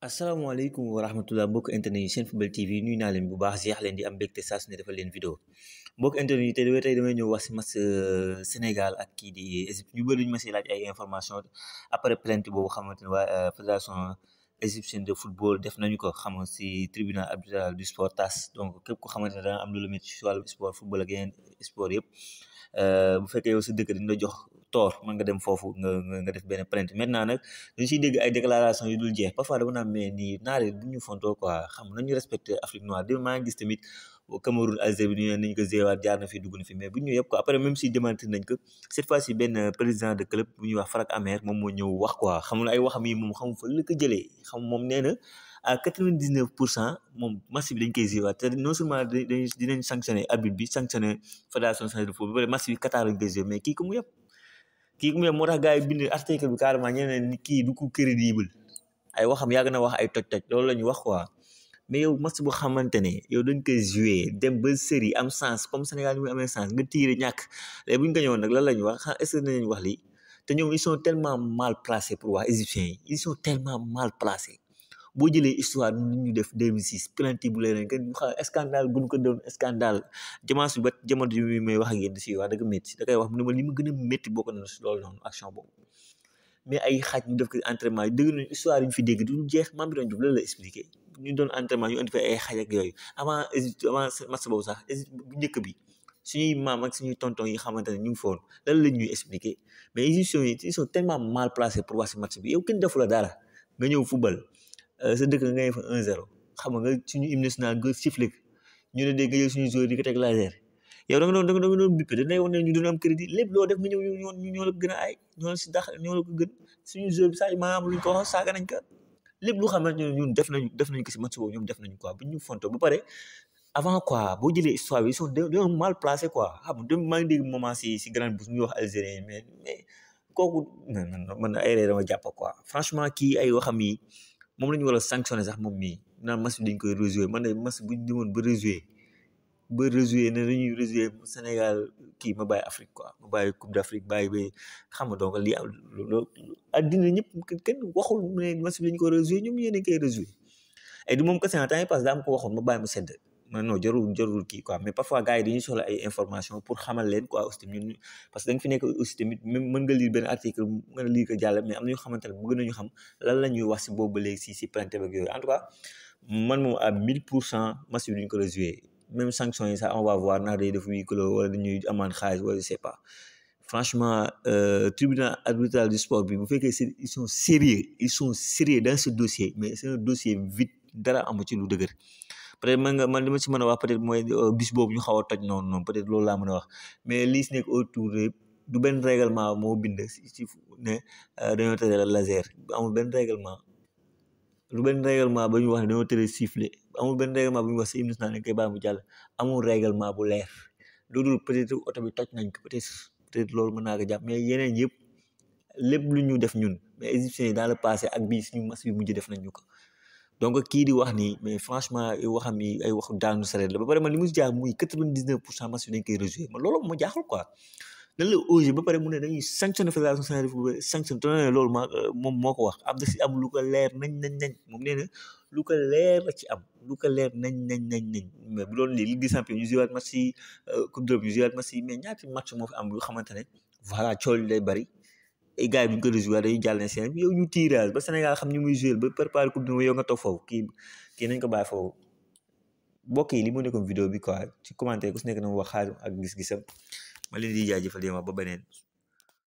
asalaamaaleykum wa rahmatulah mbokk internet yi Senfootball TV nuyu naa leen bu baax si leen di am mbégte saa su ne defal leen vidéo mbokk internet yi tey tey damay ñëw wax si match euh, Sénégal ak kii di Égypte ñu bëri ñu ma si laaj ay information après plainte boobu xamante ne waa euh, fédération égyptienne de football def nañu ko xam si tribunal arbitral du sport TAS donc képp ko xamante ne dana am lu la métti si wàllu sport football ak yeneen sport yëpp euh, bu fekkee yow sa dëkk dañ la jox tor man nga dem fofu nga nga def ben plainte maintenant nak dañ ci dégg ay déclaration yu dul jeex parfois dama naan mais nii naare bu ñu quoi xam nañu respecter Afrique noire dama maa ngi gis tamit Cameroun Algérie bi nañ ko zéwaat jaar na fi dugg na fi mais buñu yeb yëpp quoi après même si démentir nañ ko cette fois ci ben président de club buñu wax Farak Amer mom mo ñëw wax quoi xamul ay waxam yi moom xamu fa la ko jëlee xam mom néna na à quatre vingt dix match bi dañ koy ziwaat té non seulement dinañ sanctionner arbitre bi sanctionner fédération sénégalaise de football match bi Qatar lañ koy mais ki ko mu yëpp kii mais moo tax gars yi bind bi carrément ñeneen ni kii du ko crédible ay waxam yàgg na wax ay toj-toj loolu la ñu wax quoi mais yow match bu xamante ne yow dañ koy dem ba série am sens comme Sénégal ni muy amee sens nga tiire ñàkk léegi bu ñu ko ñëwoon nag lan la ñu wax xam est-ce que dinañ wax te ñoom ils sont tellement mal placés pour wax égyptiens yi ils tellement mal placés boo jëlee histoire nu ñu def 2006 penalty bu leen kenn xam scandale bu ñu ko doon scandale jamono wax ak yéen si wax da nga da koy wax mu ne ma li ma mais ay xaaj ñu def ko entraînement yi dégg nañu histoire yi ñu fi dégg du ñu doon entraînement ñu andi yooyu avant sax Égypte njëkk bi suñuy maam ak suñuy tonton yi xamante ne ñu ngi foon lan la ñuy expliqué mais égyptiens yi ils sont tellement mal placés pour wax si match bi yow kenn defu la dara nga ñëw football Euh, sa dëkk nga gagné fa 1-0 xam nga suñu hymne national nga sifflé ko ñu ne dégg nga jël suñu joueur di ko teg laser yow da nga doon da nga doon bippe da ngay wax ne ñu doon am crédit lépp loo def nga ñëw ñoo ñoo la ko gën a ay ñoo la si dax ñoo la ko gën suñu joueur bi saa yu maanaam luñ ko wax saaga nañ ko lépp lu xam ne ñun def nañ def nañ ko si match boobu ñoom def nañu quoi bu ñu fonto ba pare avant quoi boo jëlee histoire bi ils sont dañoo mal placé quoi xam ah, nga maa ngi dégg moment si si grande bourse ñuy wax algérien mais mais kooku man man ay reer dama jàpp quoi franchement kii ay waxam yi moom la ñu war a sanctionné sax moom mii na match bi dañ koy rejoué man de match bu ñu demoon ba rejoué na rejoué ne dañuy rejoué Sénégal kii ma bàyyi Afrique quoi ma bàyyi Coupe d'Afrique bàyyi ba xam nga donc lii am addina ñëpp kenn waxul ne match bi dañ ko rejoué ñoom ñoo dañ koy rejoué moom kese en yi passe daa am ko waxoon ma bàyyi mu sedd non jarul jarul kii quoi mais parfois gars yi dañuy soxla ay information pour xamal leen quoi aussi ñun parce que da fi nekk aussi tamit même mën nga lire benn article mën nga lire ko jàll mais am na ñoo xamante ne bëgg nañu xam lan la ñuy wax si boobu ba léegi si si plainte beeg yooyu en tout cas man moom à 1000 pour cent match bi duñu ko rejoué même sanction yi sax on va voir ndax day def huis clos wala dañuy amende xaalis wala je sais pas franchement euh, tribunal arbitral du sport bi bu fekkee c'est ils sont sérieux ils sont sérieux dans ce dossier mais c'est un dossier vite dara amu ci lu dëgër peut être man man li ma si mën a wax peut être mooy euh, bis boobu ñu xaw a toj noonu noonu peut être loolu laa mën a wax mais lii si nekk autour du benn règlement moo bind si ne euh, dañoo tere amul benn règlement lu benn règlement ba ñu wax ne dañoo tere sifflet amul benn règlement bu ñu wax si hymne nationale dañ koy bàyyi mu jàll amul règlement bu leer loolu peut être oto bi toj nañ ko peut loolu mën naa ko jàpp mais yeneen yëpp lépp lu ñu def ñun mais égyptiens yi dans le passé ak bii suñu mas yu mujj def nañ ñu ko donc kii di wax ni mais franchement waxam yi ay wax daanu sareet la ba pare man li mu jaar muy quatre-vingt-dix-neuf pour cent match yi dañ koy rejoué ma ba pare mu ne dañuy sanctionné fédération Sénégal sanction euh, moom moo ko wax am da si am lu ko leer nañ nañ nañ moom nee lu ko leer la ci am lu ko leer nañ nañ nañ nañ mais bu doon lii Ligue des Champions ñu joué match euh, yi Coupe d'Europe ñu joué ñaati match moo am yu xamante ne voilà cool lay bari ay gars yi buñ ko rejoué dañuy jàll ne seen yow ñu tirage ba Sénégal xam ñu muy joué ba préparé coupe du monde yow nga toog foofu kii kii nañ ko bàyyi foofu mbokk yi li mu nekkoon vidéo bi quoi ci commentaire ku si nekk na mu wax xaaru ak gis-gisam ma leen di jaajëfal yéen ba beneen